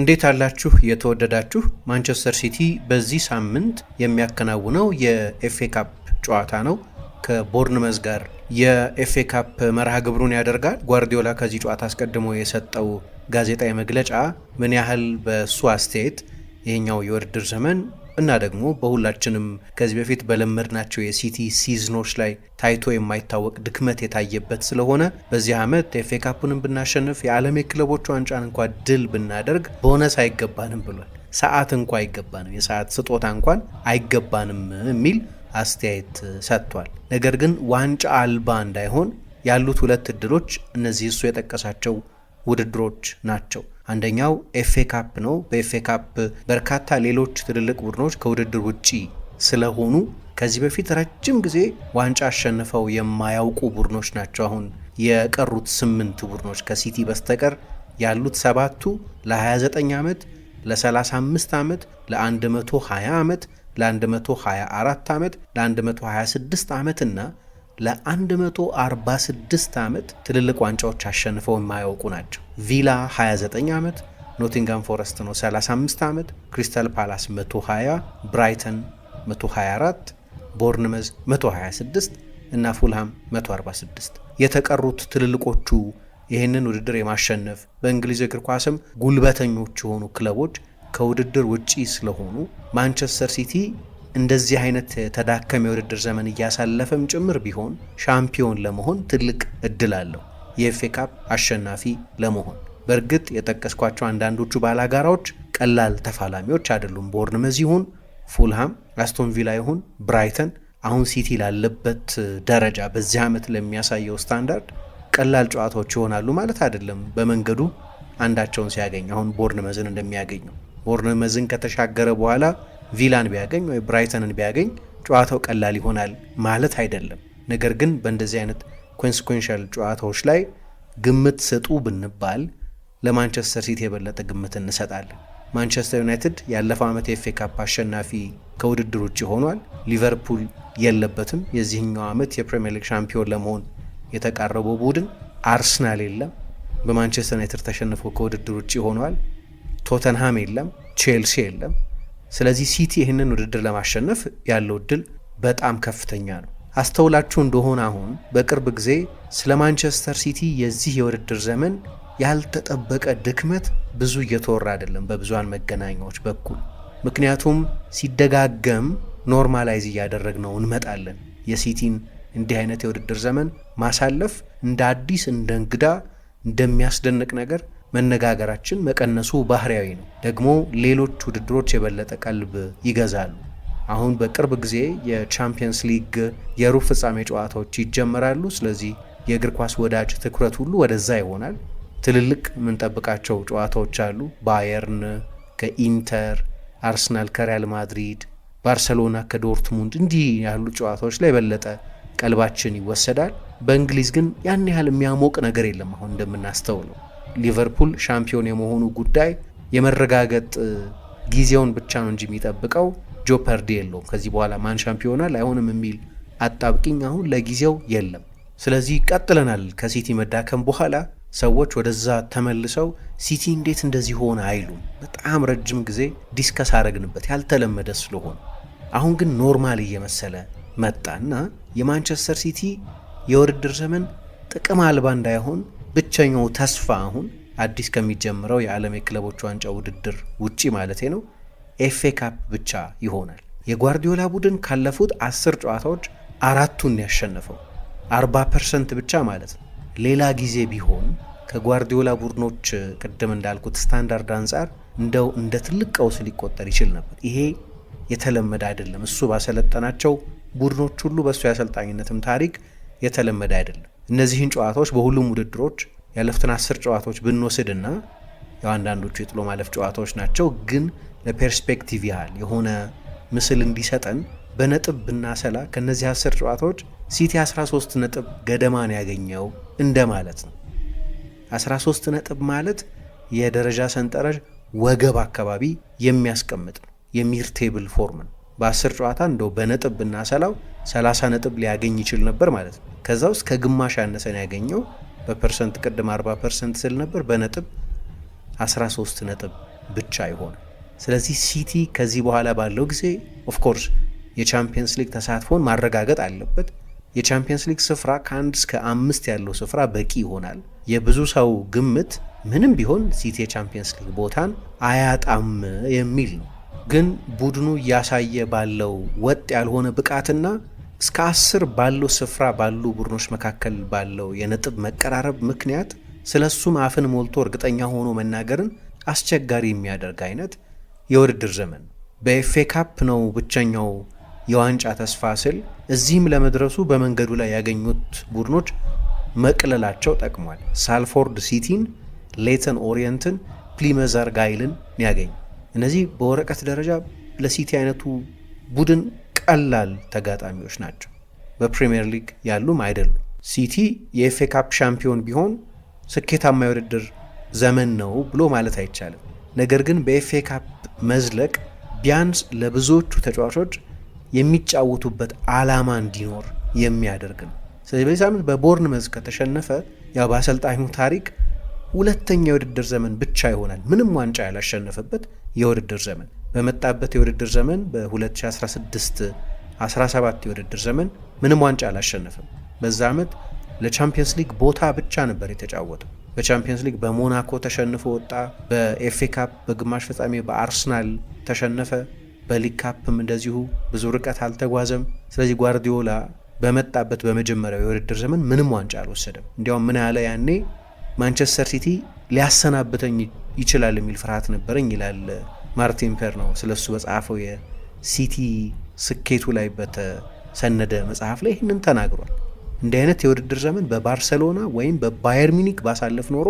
እንዴት አላችሁ የተወደዳችሁ። ማንቸስተር ሲቲ በዚህ ሳምንት የሚያከናውነው የኤፍኤ ካፕ ጨዋታ ነው ከቦርንመዝ ጋር የኤፍኤ ካፕ መርሃ ግብሩን ያደርጋል። ጓርዲዮላ ከዚህ ጨዋታ አስቀድሞ የሰጠው ጋዜጣዊ መግለጫ ምን ያህል በእሱ አስተያየት ይህኛው የውድድር ዘመን እና ደግሞ በሁላችንም ከዚህ በፊት በለመድናቸው የሲቲ ሲዝኖች ላይ ታይቶ የማይታወቅ ድክመት የታየበት ስለሆነ በዚህ ዓመት ኤፍ ካፑንም ብናሸንፍ የዓለም የክለቦች ዋንጫን እንኳ ድል ብናደርግ ቦነስ አይገባንም ብሏል። ሰዓት እንኳ አይገባንም፣ የሰዓት ስጦታ እንኳን አይገባንም የሚል አስተያየት ሰጥቷል። ነገር ግን ዋንጫ አልባ እንዳይሆን ያሉት ሁለት እድሎች እነዚህ እሱ የጠቀሳቸው ውድድሮች ናቸው። አንደኛው ኤፍኤ ካፕ ነው። በኤፍኤ ካፕ በርካታ ሌሎች ትልልቅ ቡድኖች ከውድድር ውጪ ስለሆኑ ከዚህ በፊት ረጅም ጊዜ ዋንጫ አሸንፈው የማያውቁ ቡድኖች ናቸው። አሁን የቀሩት ስምንት ቡድኖች ከሲቲ በስተቀር ያሉት ሰባቱ ለ29 ዓመት፣ ለ35 ዓመት፣ ለ120 ዓመት፣ ለ124 ዓመት፣ ለ126 እና። ለ146 ዓመት ትልልቅ ዋንጫዎች አሸንፈው የማያውቁ ናቸው። ቪላ 29 ዓመት፣ ኖቲንጋም ፎረስት ነው 35 ዓመት፣ ክሪስታል ፓላስ 120፣ ብራይተን 124፣ ቦርንመዝ 126 እና ፉልሃም 146። የተቀሩት ትልልቆቹ ይህንን ውድድር የማሸነፍ በእንግሊዝ እግር ኳስም ጉልበተኞች የሆኑ ክለቦች ከውድድር ውጪ ስለሆኑ ማንቸስተር ሲቲ እንደዚህ አይነት ተዳከመ የውድድር ዘመን እያሳለፈም ጭምር ቢሆን ሻምፒዮን ለመሆን ትልቅ እድል አለው፣ የኤፌ ካፕ አሸናፊ ለመሆን። በእርግጥ የጠቀስኳቸው አንዳንዶቹ ባላጋራዎች ቀላል ተፋላሚዎች አይደሉም። ቦርንመዝ ይሁን ፉልሃም፣ አስቶን ቪላ ይሁን ብራይተን፣ አሁን ሲቲ ላለበት ደረጃ በዚህ ዓመት ለሚያሳየው ስታንዳርድ ቀላል ጨዋታዎች ይሆናሉ ማለት አይደለም። በመንገዱ አንዳቸውን ሲያገኝ አሁን ቦርንመዝን እንደሚያገኘው ቦርንመዝን ከተሻገረ በኋላ ቪላን ቢያገኝ ወይ ብራይተንን ቢያገኝ ጨዋታው ቀላል ይሆናል ማለት አይደለም። ነገር ግን በእንደዚህ አይነት ኮንስኮንሻል ጨዋታዎች ላይ ግምት ስጡ ብንባል ለማንቸስተር ሲቲ የበለጠ ግምት እንሰጣለን። ማንቸስተር ዩናይትድ ያለፈው ዓመት የኤፌ ካፕ አሸናፊ ከውድድር ውጭ ሆኗል። ሊቨርፑል የለበትም። የዚህኛው ዓመት የፕሪምየር ሊግ ሻምፒዮን ለመሆን የተቃረበው ቡድን አርስናል የለም። በማንቸስተር ዩናይትድ ተሸንፎ ከውድድር ውጭ ሆኗል። ቶተንሃም የለም። ቼልሲ የለም። ስለዚህ ሲቲ ይህንን ውድድር ለማሸነፍ ያለው እድል በጣም ከፍተኛ ነው። አስተውላችሁ እንደሆነ አሁን በቅርብ ጊዜ ስለ ማንቸስተር ሲቲ የዚህ የውድድር ዘመን ያልተጠበቀ ድክመት ብዙ እየተወራ አይደለም በብዙሃን መገናኛዎች በኩል ምክንያቱም ሲደጋገም ኖርማላይዝ እያደረግነው እንመጣለን። የሲቲን እንዲህ አይነት የውድድር ዘመን ማሳለፍ እንደ አዲስ እንደ እንግዳ እንደሚያስደንቅ ነገር መነጋገራችን መቀነሱ ባህሪያዊ ነው። ደግሞ ሌሎች ውድድሮች የበለጠ ቀልብ ይገዛሉ። አሁን በቅርብ ጊዜ የቻምፒየንስ ሊግ የሩብ ፍጻሜ ጨዋታዎች ይጀመራሉ። ስለዚህ የእግር ኳስ ወዳጅ ትኩረት ሁሉ ወደዛ ይሆናል። ትልልቅ የምንጠብቃቸው ጨዋታዎች አሉ። ባየርን ከኢንተር፣ አርሰናል ከሪያል ማድሪድ፣ ባርሰሎና ከዶርትሙንድ እንዲህ ያሉ ጨዋታዎች ላይ የበለጠ ቀልባችን ይወሰዳል። በእንግሊዝ ግን ያን ያህል የሚያሞቅ ነገር የለም አሁን እንደምናስተውለው ሊቨርፑል ሻምፒዮን የመሆኑ ጉዳይ የመረጋገጥ ጊዜውን ብቻ ነው እንጂ የሚጠብቀው ጆፐርዲ የለውም። ከዚህ በኋላ ማን ሻምፒዮናል አይሆንም የሚል አጣብቂኝ አሁን ለጊዜው የለም። ስለዚህ ቀጥለናል። ከሲቲ መዳከም በኋላ ሰዎች ወደዛ ተመልሰው ሲቲ እንዴት እንደዚህ ሆነ አይሉም። በጣም ረጅም ጊዜ ዲስከስ አረግንበት ያልተለመደ ስለሆነ አሁን ግን ኖርማል እየመሰለ መጣ እና የማንቸስተር ሲቲ የውድድር ዘመን ጥቅም አልባ እንዳይሆን ብቸኛው ተስፋ አሁን አዲስ ከሚጀምረው የዓለም የክለቦች ዋንጫ ውድድር ውጪ ማለቴ ነው ኤፌ ካፕ ብቻ ይሆናል። የጓርዲዮላ ቡድን ካለፉት አስር ጨዋታዎች አራቱን ያሸነፈው 40 ፐርሰንት ብቻ ማለት ነው። ሌላ ጊዜ ቢሆን ከጓርዲዮላ ቡድኖች ቅድም እንዳልኩት ስታንዳርድ አንጻር እንደው እንደ ትልቅ ቀውስ ሊቆጠር ይችል ነበር። ይሄ የተለመደ አይደለም። እሱ ባሰለጠናቸው ቡድኖች ሁሉ በእሱ የአሰልጣኝነትም ታሪክ የተለመደ አይደለም። እነዚህን ጨዋታዎች በሁሉም ውድድሮች ያለፉትን አስር ጨዋታዎች ብንወስድና ያው አንዳንዶቹ የጥሎ ማለፍ ጨዋታዎች ናቸው፣ ግን ለፐርስፔክቲቭ ያህል የሆነ ምስል እንዲሰጠን በነጥብ ብናሰላ ከነዚህ አስር ጨዋታዎች ሲቲ 13 ነጥብ ገደማን ያገኘው እንደማለት ነው። 13 ነጥብ ማለት የደረጃ ሰንጠረዥ ወገብ አካባቢ የሚያስቀምጥ ነው፣ የሚር ቴብል ፎርም ነው። በአስር ጨዋታ እንደው በነጥብ ብናሰላው 30 ነጥብ ሊያገኝ ይችል ነበር ማለት ነው። ከዛ ውስጥ ከግማሽ ያነሰን ያገኘው በፐርሰንት ቅድም 40 ፐርሰንት ስል ነበር በነጥብ 13 ነጥብ ብቻ ይሆን። ስለዚህ ሲቲ ከዚህ በኋላ ባለው ጊዜ ኦፍኮርስ የቻምፒየንስ ሊግ ተሳትፎን ማረጋገጥ አለበት። የቻምፒየንስ ሊግ ስፍራ ከአንድ እስከ አምስት ያለው ስፍራ በቂ ይሆናል። የብዙ ሰው ግምት ምንም ቢሆን ሲቲ የቻምፒየንስ ሊግ ቦታን አያጣም የሚል ነው። ግን ቡድኑ እያሳየ ባለው ወጥ ያልሆነ ብቃትና እስከ አስር ባለው ስፍራ ባሉ ቡድኖች መካከል ባለው የነጥብ መቀራረብ ምክንያት ስለ እሱም አፍን ሞልቶ እርግጠኛ ሆኖ መናገርን አስቸጋሪ የሚያደርግ አይነት የውድድር ዘመን በኤፌ ካፕ ነው ብቸኛው የዋንጫ ተስፋ ስል እዚህም ለመድረሱ በመንገዱ ላይ ያገኙት ቡድኖች መቅለላቸው ጠቅሟል። ሳልፎርድ ሲቲን፣ ሌተን ኦሪየንትን፣ ፕሊመዘር ጋይልን ያገኝ እነዚህ በወረቀት ደረጃ ለሲቲ አይነቱ ቡድን ቀላል ተጋጣሚዎች ናቸው። በፕሪምየር ሊግ ያሉም አይደሉም። ሲቲ የኤፍኤ ካፕ ሻምፒዮን ቢሆን ስኬታማ የውድድር ዘመን ነው ብሎ ማለት አይቻልም። ነገር ግን በኤፍኤ ካፕ መዝለቅ ቢያንስ ለብዙዎቹ ተጫዋቾች የሚጫወቱበት ዓላማ እንዲኖር የሚያደርግ ነው። ስለዚህ በዚህ ሳምንት በቦርን መዝ ከተሸነፈ ያው በአሰልጣኙ ታሪክ ሁለተኛ የውድድር ዘመን ብቻ ይሆናል ምንም ዋንጫ ያላሸነፈበት የውድድር ዘመን በመጣበት የውድድር ዘመን በ2016 17 የውድድር ዘመን ምንም ዋንጫ አላሸነፈም። በዛ ዓመት ለቻምፒየንስ ሊግ ቦታ ብቻ ነበር የተጫወተው። በቻምፒየንስ ሊግ በሞናኮ ተሸንፎ ወጣ። በኤፌ ካፕ በግማሽ ፍጻሜ በአርሰናል ተሸነፈ። በሊግ ካፕም እንደዚሁ ብዙ ርቀት አልተጓዘም። ስለዚህ ጓርዲዮላ በመጣበት በመጀመሪያው የውድድር ዘመን ምንም ዋንጫ አልወሰደም። እንዲያውም ምን ያለ ያኔ ማንቸስተር ሲቲ ሊያሰናብተኝ ይችላል የሚል ፍርሃት ነበረኝ ይላል ማርቲን ፔር ነው ስለሱ በጻፈው የሲቲ ስኬቱ ላይ በተሰነደ መጽሐፍ ላይ ይህንን ተናግሯል። እንዲህ አይነት የውድድር ዘመን በባርሰሎና ወይም በባየር ሚኒክ ባሳለፍ ኖሮ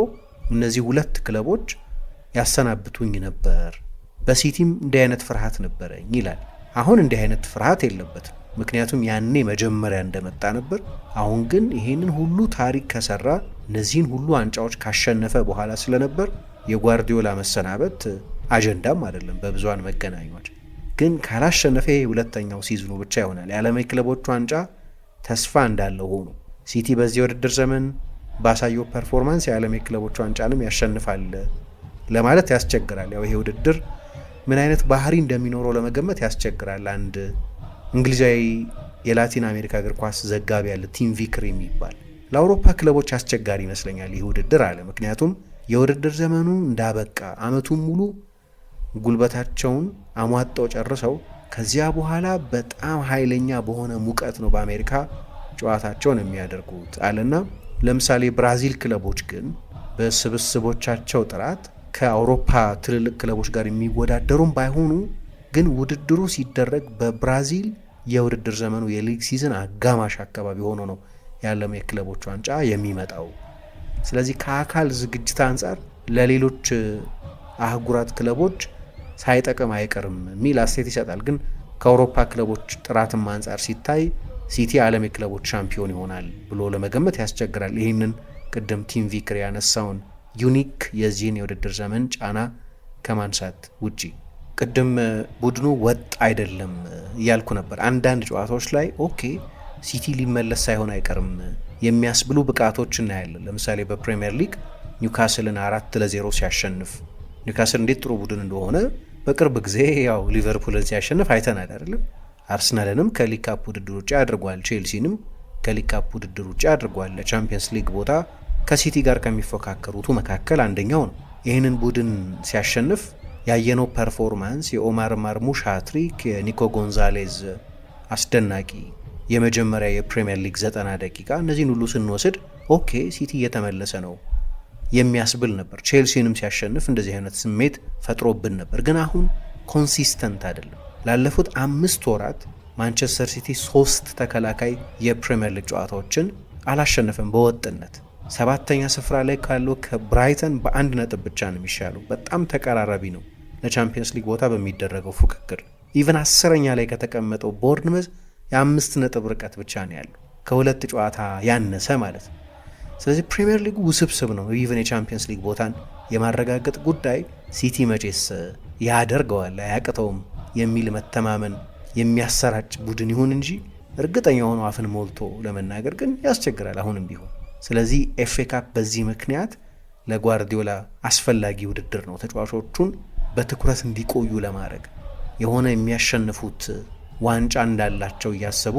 እነዚህ ሁለት ክለቦች ያሰናብቱኝ ነበር፣ በሲቲም እንዲህ አይነት ፍርሃት ነበረኝ ይላል። አሁን እንዲህ አይነት ፍርሃት የለበትም። ምክንያቱም ያኔ መጀመሪያ እንደመጣ ነበር። አሁን ግን ይሄንን ሁሉ ታሪክ ከሰራ እነዚህን ሁሉ ዋንጫዎች ካሸነፈ በኋላ ስለነበር የጓርዲዮላ መሰናበት አጀንዳም አይደለም በብዙሃን መገናኛዎች። ግን ካላሸነፈ ይሄ ሁለተኛው ሲዝኑ ብቻ ይሆናል። የዓለም ክለቦች ዋንጫ ተስፋ እንዳለው ሆኖ ሲቲ በዚህ ውድድር ዘመን ባሳየው ፐርፎርማንስ የዓለም ክለቦች ዋንጫንም ያሸንፋል ለማለት ያስቸግራል። ያው ይሄ ውድድር ምን አይነት ባህሪ እንደሚኖረው ለመገመት ያስቸግራል። አንድ እንግሊዛዊ የላቲን አሜሪካ እግር ኳስ ዘጋቢ ያለ ቲም ቪክር የሚባል ለአውሮፓ ክለቦች አስቸጋሪ ይመስለኛል ይህ ውድድር አለ። ምክንያቱም የውድድር ዘመኑ እንዳበቃ አመቱን ሙሉ ጉልበታቸውን አሟጠው ጨርሰው ከዚያ በኋላ በጣም ኃይለኛ በሆነ ሙቀት ነው በአሜሪካ ጨዋታቸውን የሚያደርጉት አለና ለምሳሌ ብራዚል ክለቦች ግን በስብስቦቻቸው ጥራት ከአውሮፓ ትልልቅ ክለቦች ጋር የሚወዳደሩም ባይሆኑ ግን ውድድሩ ሲደረግ በብራዚል የውድድር ዘመኑ የሊግ ሲዝን አጋማሽ አካባቢ ሆኖ ነው የዓለም የክለቦች ዋንጫ የሚመጣው። ስለዚህ ከአካል ዝግጅት አንጻር ለሌሎች አህጉራት ክለቦች ሳይጠቅም አይቀርም የሚል አስተያየት ይሰጣል። ግን ከአውሮፓ ክለቦች ጥራትም አንጻር ሲታይ ሲቲ ዓለም የክለቦች ሻምፒዮን ይሆናል ብሎ ለመገመት ያስቸግራል። ይህንን ቅድም ቲም ቪክር ያነሳውን ዩኒክ የዚህን የውድድር ዘመን ጫና ከማንሳት ውጪ ቅድም ቡድኑ ወጥ አይደለም እያልኩ ነበር። አንዳንድ ጨዋታዎች ላይ ኦኬ ሲቲ ሊመለስ ሳይሆን አይቀርም የሚያስብሉ ብቃቶች እናያለን። ለምሳሌ በፕሪምየር ሊግ ኒውካስልን አራት ለዜሮ ሲያሸንፍ ኒውካስል እንዴት ጥሩ ቡድን እንደሆነ በቅርብ ጊዜ ያው ሊቨርፑልን ሲያሸንፍ አይተናል አይደለም። አርስናልንም ከሊግ ካፕ ውድድር ውጭ አድርጓል። ቼልሲንም ከሊግ ካፕ ውድድር ውጭ አድርጓል። ለቻምፒየንስ ሊግ ቦታ ከሲቲ ጋር ከሚፎካከሩቱ መካከል አንደኛው ነው። ይህንን ቡድን ሲያሸንፍ ያየነው ፐርፎርማንስ የኦማር ማርሙሽ ሃትሪክ፣ የኒኮ ጎንዛሌዝ አስደናቂ የመጀመሪያ የፕሪምየር ሊግ ዘጠና ደቂቃ እነዚህን ሁሉ ስንወስድ ኦኬ ሲቲ እየተመለሰ ነው የሚያስብል ነበር። ቼልሲንም ሲያሸንፍ እንደዚህ አይነት ስሜት ፈጥሮብን ነበር፣ ግን አሁን ኮንሲስተንት አይደለም። ላለፉት አምስት ወራት ማንቸስተር ሲቲ ሶስት ተከላካይ የፕሪምየር ሊግ ጨዋታዎችን አላሸነፈም በወጥነት ሰባተኛ ስፍራ ላይ ካለው ከብራይተን በአንድ ነጥብ ብቻ ነው የሚሻለው። በጣም ተቀራራቢ ነው ለቻምፒየንስ ሊግ ቦታ በሚደረገው ፉክክር። ኢቨን አስረኛ ላይ ከተቀመጠው ቦርንመዝ የአምስት ነጥብ ርቀት ብቻ ነው ያለው፣ ከሁለት ጨዋታ ያነሰ ማለት ነው። ስለዚህ ፕሪምየር ሊጉ ውስብስብ ነው። ኢቨን የቻምፒየንስ ሊግ ቦታን የማረጋገጥ ጉዳይ ሲቲ መቼስ ያደርገዋል አያቅተውም የሚል መተማመን የሚያሰራጭ ቡድን ይሁን እንጂ እርግጠኛ ሆኖ አፍን ሞልቶ ለመናገር ግን ያስቸግራል አሁንም ቢሆን። ስለዚህ ኤፍ ካፕ በዚህ ምክንያት ለጓርዲዮላ አስፈላጊ ውድድር ነው። ተጫዋቾቹን በትኩረት እንዲቆዩ ለማድረግ የሆነ የሚያሸንፉት ዋንጫ እንዳላቸው እያሰቡ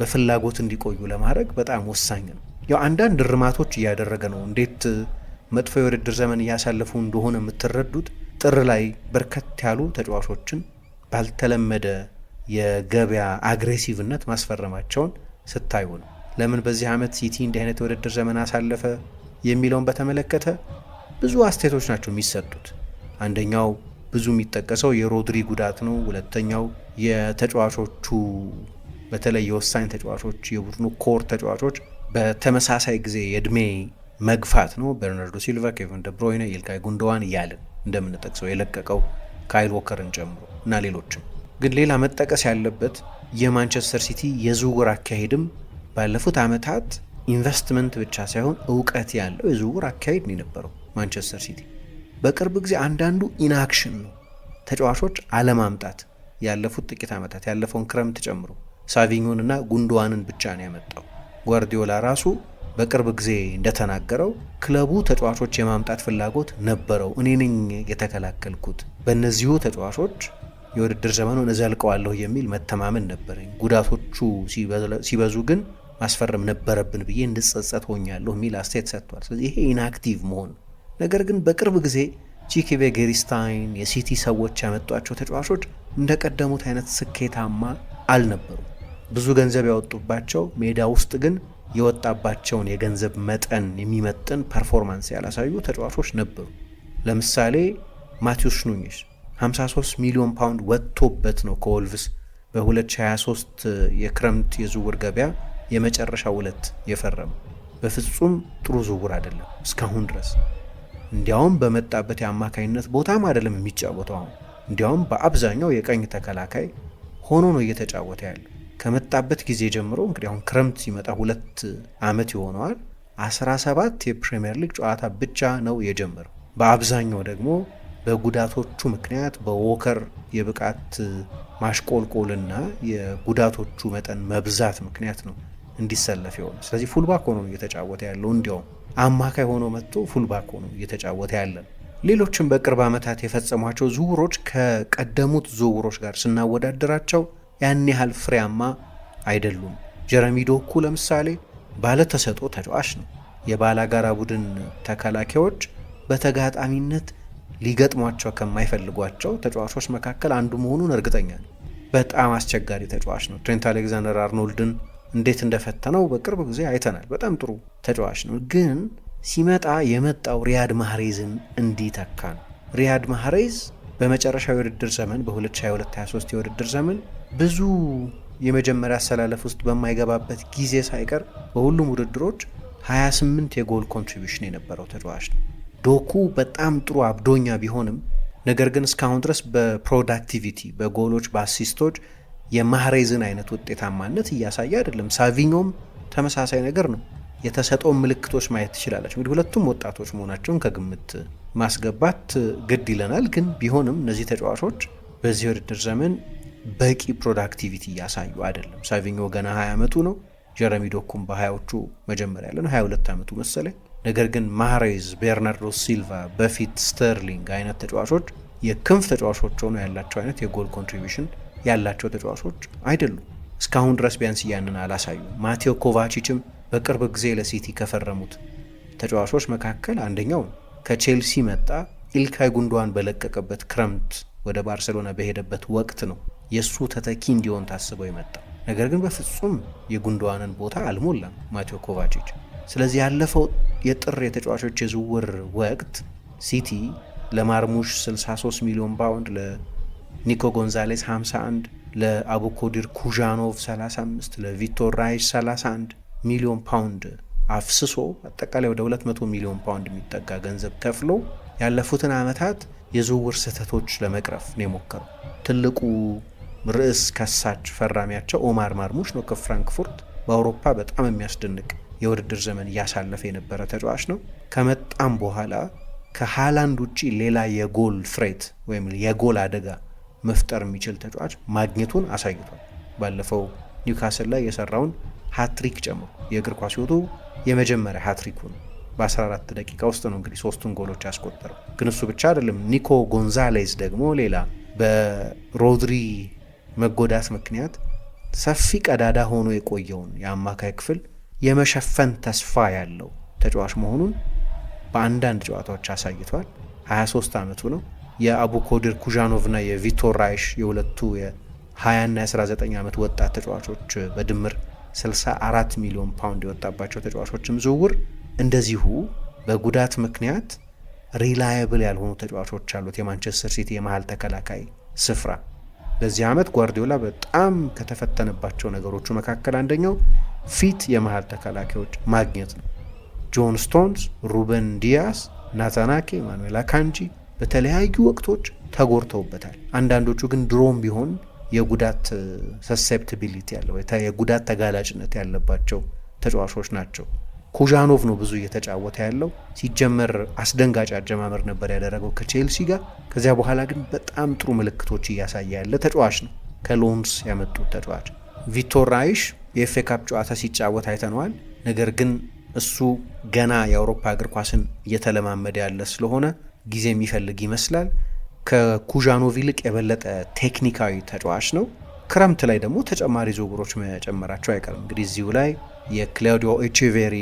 በፍላጎት እንዲቆዩ ለማድረግ በጣም ወሳኝ ነው። ያው አንዳንድ እርማቶች እያደረገ ነው። እንዴት መጥፎ የውድድር ዘመን እያሳለፉ እንደሆነ የምትረዱት ጥር ላይ በርከት ያሉ ተጫዋቾችን ባልተለመደ የገበያ አግሬሲቭነት ማስፈረማቸውን ስታዩ ነው። ለምን በዚህ ዓመት ሲቲ እንዲህ አይነት የውድድር ዘመን አሳለፈ የሚለውን በተመለከተ ብዙ አስተያየቶች ናቸው የሚሰጡት። አንደኛው ብዙ የሚጠቀሰው የሮድሪ ጉዳት ነው። ሁለተኛው የተጫዋቾቹ በተለይ የወሳኝ ተጫዋቾች የቡድኑ ኮር ተጫዋቾች በተመሳሳይ ጊዜ የእድሜ መግፋት ነው። በርናርዶ ሲልቫ፣ ኬቨን ደብሮይነ፣ ኢልካይ ጉንደዋን እያልን እንደምንጠቅሰው የለቀቀው ካይል ወከርን ጨምሮ እና ሌሎችም። ግን ሌላ መጠቀስ ያለበት የማንቸስተር ሲቲ የዝውውር አካሄድም ባለፉት ዓመታት ኢንቨስትመንት ብቻ ሳይሆን እውቀት ያለው የዝውውር አካሄድ ነው የነበረው ማንቸስተር ሲቲ። በቅርብ ጊዜ አንዳንዱ ኢንአክሽን ነው፣ ተጫዋቾች አለማምጣት። ያለፉት ጥቂት ዓመታት ያለፈውን ክረምት ጨምሮ ሳቪኞንና ጉንደዋንን ብቻ ነው ያመጣው። ጓርዲዮላ ራሱ በቅርብ ጊዜ እንደተናገረው ክለቡ ተጫዋቾች የማምጣት ፍላጎት ነበረው። እኔ ነኝ የተከላከልኩት፣ በእነዚሁ ተጫዋቾች የውድድር ዘመኑን እዘልቀዋለሁ የሚል መተማመን ነበረኝ። ጉዳቶቹ ሲበዙ ግን ማስፈረም ነበረብን ብዬ እንድጸጸት ሆኛለሁ የሚል አስተያየት ሰጥቷል። ስለዚህ ይሄ ኢንአክቲቭ መሆን ነገር ግን በቅርብ ጊዜ ቺኪቬ ጌሪስታይን የሲቲ ሰዎች ያመጧቸው ተጫዋቾች እንደቀደሙት አይነት ስኬታማ አልነበሩም። ብዙ ገንዘብ ያወጡባቸው ሜዳ ውስጥ ግን የወጣባቸውን የገንዘብ መጠን የሚመጥን ፐርፎርማንስ ያላሳዩ ተጫዋቾች ነበሩ። ለምሳሌ ማቴዎስ ኑኝሽ 53 ሚሊዮን ፓውንድ ወጥቶበት ነው ከወልቭስ በ2023 የክረምት የዝውውር ገበያ የመጨረሻ ውለት የፈረመ። በፍጹም ጥሩ ዝውውር አይደለም እስካሁን ድረስ። እንዲያውም በመጣበት የአማካኝነት ቦታም አይደለም የሚጫወተው አሁን። እንዲያውም በአብዛኛው የቀኝ ተከላካይ ሆኖ ነው እየተጫወተ ያለው። ከመጣበት ጊዜ ጀምሮ እንግዲህ አሁን ክረምት ሲመጣ ሁለት አመት ይሆነዋል። 17 የፕሪምየር ሊግ ጨዋታ ብቻ ነው የጀመረው። በአብዛኛው ደግሞ በጉዳቶቹ ምክንያት በዎከር የብቃት ማሽቆልቆልና የጉዳቶቹ መጠን መብዛት ምክንያት ነው እንዲሰለፍ የሆነ። ስለዚህ ፉልባክ ሆኖ እየተጫወተ ያለው። እንዲያውም አማካይ ሆኖ መጥቶ ፉልባክ ሆኖ እየተጫወተ ያለ ነው። ሌሎችም በቅርብ ዓመታት የፈጸሟቸው ዝውውሮች ከቀደሙት ዝውውሮች ጋር ስናወዳደራቸው ያን ያህል ፍሬያማ አይደሉም። ጀረሚ ዶኩ ለምሳሌ ባለተሰጦ ተጫዋች ነው። የባላጋራ ቡድን ተከላካዮች በተጋጣሚነት ሊገጥሟቸው ከማይፈልጓቸው ተጫዋቾች መካከል አንዱ መሆኑን እርግጠኛ ነው። በጣም አስቸጋሪ ተጫዋች ነው። ትሬንት አሌክዛንደር አርኖልድን እንዴት እንደፈተነው በቅርብ ጊዜ አይተናል። በጣም ጥሩ ተጫዋች ነው፣ ግን ሲመጣ የመጣው ሪያድ ማህሬዝን እንዲተካ ነው። ሪያድ ማህሬዝ በመጨረሻ የውድድር ዘመን በ2022/23 የውድድር ዘመን ብዙ የመጀመሪያ አሰላለፍ ውስጥ በማይገባበት ጊዜ ሳይቀር በሁሉም ውድድሮች 28 የጎል ኮንትሪቢሽን የነበረው ተጫዋች ነው። ዶኩ በጣም ጥሩ አብዶኛ ቢሆንም ነገር ግን እስካሁን ድረስ በፕሮዳክቲቪቲ በጎሎች በአሲስቶች የማህሬዝን አይነት ውጤታማነት እያሳየ አይደለም። ሳቪኞም ተመሳሳይ ነገር ነው። የተሰጠው ምልክቶች ማየት ትችላላችሁ። እንግዲህ ሁለቱም ወጣቶች መሆናቸውን ከግምት ማስገባት ግድ ይለናል። ግን ቢሆንም እነዚህ ተጫዋቾች በዚህ ውድድር ዘመን በቂ ፕሮዳክቲቪቲ እያሳዩ አይደለም። ሳቪኞ ገና 20 ዓመቱ ነው። ጀረሚ ዶኩም በሀያዎቹ መጀመሪያ ያለ ነው 22 ዓመቱ መሰለኝ። ነገር ግን ማሬዝ፣ ቤርናርዶ ሲልቫ፣ በፊት ስተርሊንግ አይነት ተጫዋቾች የክንፍ ተጫዋቾች ሆኖ ያላቸው አይነት የጎል ኮንትሪቢሽን ያላቸው ተጫዋቾች አይደሉም። እስካሁን ድረስ ቢያንስ እያንን አላሳዩ። ማቴዎ ኮቫቺችም በቅርብ ጊዜ ለሲቲ ከፈረሙት ተጫዋቾች መካከል አንደኛው ከቼልሲ መጣ ኢልካይ ጉንዷን በለቀቀበት ክረምት ወደ ባርሴሎና በሄደበት ወቅት ነው የእሱ ተተኪ እንዲሆን ታስበው የመጣ ነገር ግን በፍጹም የጉንዷንን ቦታ አልሞላም ማቴዎ ኮቫቺች። ስለዚህ ያለፈው የጥር የተጫዋቾች የዝውውር ወቅት ሲቲ ለማርሙሽ 63 ሚሊዮን ፓውንድ፣ ለኒኮ ጎንዛሌስ 51፣ ለአቡኮዲር ኩዣኖቭ 35፣ ለቪቶር ራይሽ 31 ሚሊዮን ፓውንድ አፍስሶ አጠቃላይ ወደ 200 ሚሊዮን ፓውንድ የሚጠጋ ገንዘብ ከፍሎ ያለፉትን ዓመታት የዝውውር ስህተቶች ለመቅረፍ ነው የሞከረው። ትልቁ ርዕስ ከሳች ፈራሚያቸው ኦማር ማርሙሽ ነው። ከፍራንክፉርት በአውሮፓ በጣም የሚያስደንቅ የውድድር ዘመን እያሳለፈ የነበረ ተጫዋች ነው። ከመጣም በኋላ ከሃላንድ ውጭ ሌላ የጎል ፍሬት ወይም የጎል አደጋ መፍጠር የሚችል ተጫዋች ማግኘቱን አሳይቷል። ባለፈው ኒውካስል ላይ የሰራውን ሀትሪክ ጨምሮ የእግር ኳስ ህይወቱ የመጀመሪያ ሀትሪኩ ነው። በ14 ደቂቃ ውስጥ ነው እንግዲህ ሶስቱን ጎሎች ያስቆጠረው። ግን እሱ ብቻ አይደለም። ኒኮ ጎንዛሌዝ ደግሞ ሌላ በሮድሪ መጎዳት ምክንያት ሰፊ ቀዳዳ ሆኖ የቆየውን የአማካይ ክፍል የመሸፈን ተስፋ ያለው ተጫዋች መሆኑን በአንዳንድ ጨዋታዎች አሳይቷል። 23 ዓመቱ ነው። የአቡኮድር ኩዣኖቭና የቪቶር ራይሽ የሁለቱ የ20ና 19 ዓመት ወጣት ተጫዋቾች በድምር 64 ሚሊዮን ፓውንድ የወጣባቸው ተጫዋቾችም ዝውውር እንደዚሁ በጉዳት ምክንያት ሪላየብል ያልሆኑ ተጫዋቾች አሉት። የማንቸስተር ሲቲ የመሀል ተከላካይ ስፍራ በዚህ ዓመት ጓርዲዮላ በጣም ከተፈተነባቸው ነገሮቹ መካከል አንደኛው ፊት የመሀል ተከላካዮች ማግኘት ነው። ጆን ስቶንስ፣ ሩበን ዲያስ፣ ናታናኬ፣ ማኑኤል አካንጂ በተለያዩ ወቅቶች ተጎድተውበታል። አንዳንዶቹ ግን ድሮም ቢሆን የጉዳት ሰሴፕቲቢሊቲ ያለው የጉዳት ተጋላጭነት ያለባቸው ተጫዋቾች ናቸው። ኩዣኖቭ ነው ብዙ እየተጫወተ ያለው። ሲጀመር አስደንጋጭ አጀማመር ነበር ያደረገው ከቼልሲ ጋር። ከዚያ በኋላ ግን በጣም ጥሩ ምልክቶች እያሳየ ያለ ተጫዋች ነው። ከሎንስ ያመጡት ተጫዋች ቪቶር ራይሽ የኤፍ ኤ ካፕ ጨዋታ ሲጫወት አይተነዋል። ነገር ግን እሱ ገና የአውሮፓ እግር ኳስን እየተለማመደ ያለ ስለሆነ ጊዜ የሚፈልግ ይመስላል። ከኩዣኖቭ ይልቅ የበለጠ ቴክኒካዊ ተጫዋች ነው። ክረምት ላይ ደግሞ ተጨማሪ ዝውውሮች መጨመራቸው አይቀርም። እንግዲህ እዚሁ ላይ የክላውዲዮ ኤቼቬሪ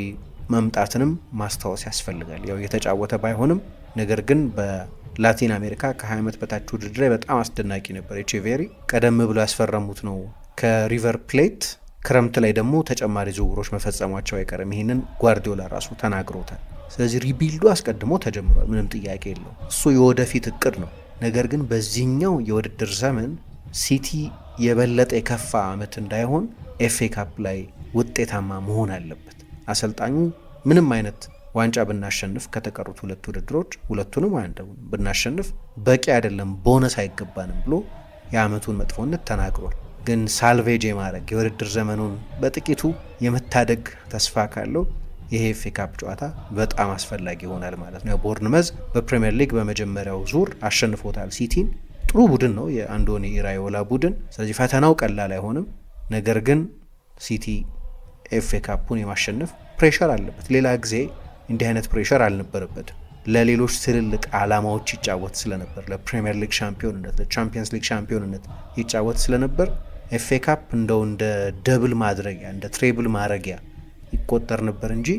መምጣትንም ማስታወስ ያስፈልጋል። ያው የተጫወተ ባይሆንም ነገር ግን በላቲን አሜሪካ ከ20 ዓመት በታች ውድድር ላይ በጣም አስደናቂ ነበር። ኤቼቬሪ ቀደም ብሎ ያስፈረሙት ነው ከሪቨር ፕሌት። ክረምት ላይ ደግሞ ተጨማሪ ዝውውሮች መፈጸሟቸው አይቀርም። ይህንን ጓርዲዮላ ራሱ ተናግሮታል። ስለዚህ ሪቢልዱ አስቀድሞ ተጀምሯል። ምንም ጥያቄ የለው። እሱ የወደፊት እቅድ ነው። ነገር ግን በዚህኛው የውድድር ዘመን ሲቲ የበለጠ የከፋ ዓመት እንዳይሆን ኤፍኤ ካፕ ላይ ውጤታማ መሆን አለበት። አሰልጣኙ ምንም አይነት ዋንጫ ብናሸንፍ ከተቀሩት ሁለት ውድድሮች ሁለቱንም አንደውን ብናሸንፍ በቂ አይደለም፣ ቦነስ አይገባንም ብሎ የዓመቱን መጥፎነት ተናግሯል። ግን ሳልቬጅ የማድረግ የውድድር ዘመኑን በጥቂቱ የመታደግ ተስፋ ካለው ይሄ ኤፍ ኤ ካፕ ጨዋታ በጣም አስፈላጊ ይሆናል ማለት ነው። ቦርንመዝ በፕሪምየር ሊግ በመጀመሪያው ዙር አሸንፎታል ሲቲን። ጥሩ ቡድን ነው የአንዶኒ ኢራዮላ ቡድን። ስለዚህ ፈተናው ቀላል አይሆንም። ነገር ግን ሲቲ ኤፍ ኤ ካፑን የማሸነፍ ፕሬሸር አለበት። ሌላ ጊዜ እንዲህ አይነት ፕሬሸር አልነበረበትም። ለሌሎች ትልልቅ ዓላማዎች ይጫወት ስለነበር፣ ለፕሪምየር ሊግ ሻምፒዮንነት፣ ለቻምፒየንስ ሊግ ሻምፒዮንነት ይጫወት ስለነበር ኤፍ ኤ ካፕ እንደው እንደ ደብል ማድረጊያ እንደ ትሬብል ማድረጊያ ይቆጠር ነበር እንጂ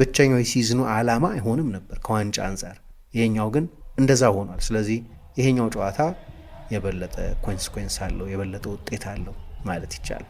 ብቸኛው የሲዝኑ ዓላማ አይሆንም ነበር ከዋንጫ አንጻር። ይሄኛው ግን እንደዛ ሆኗል። ስለዚህ ይሄኛው ጨዋታ የበለጠ ኮንስኮንስ አለው፣ የበለጠ ውጤት አለው ማለት ይቻላል።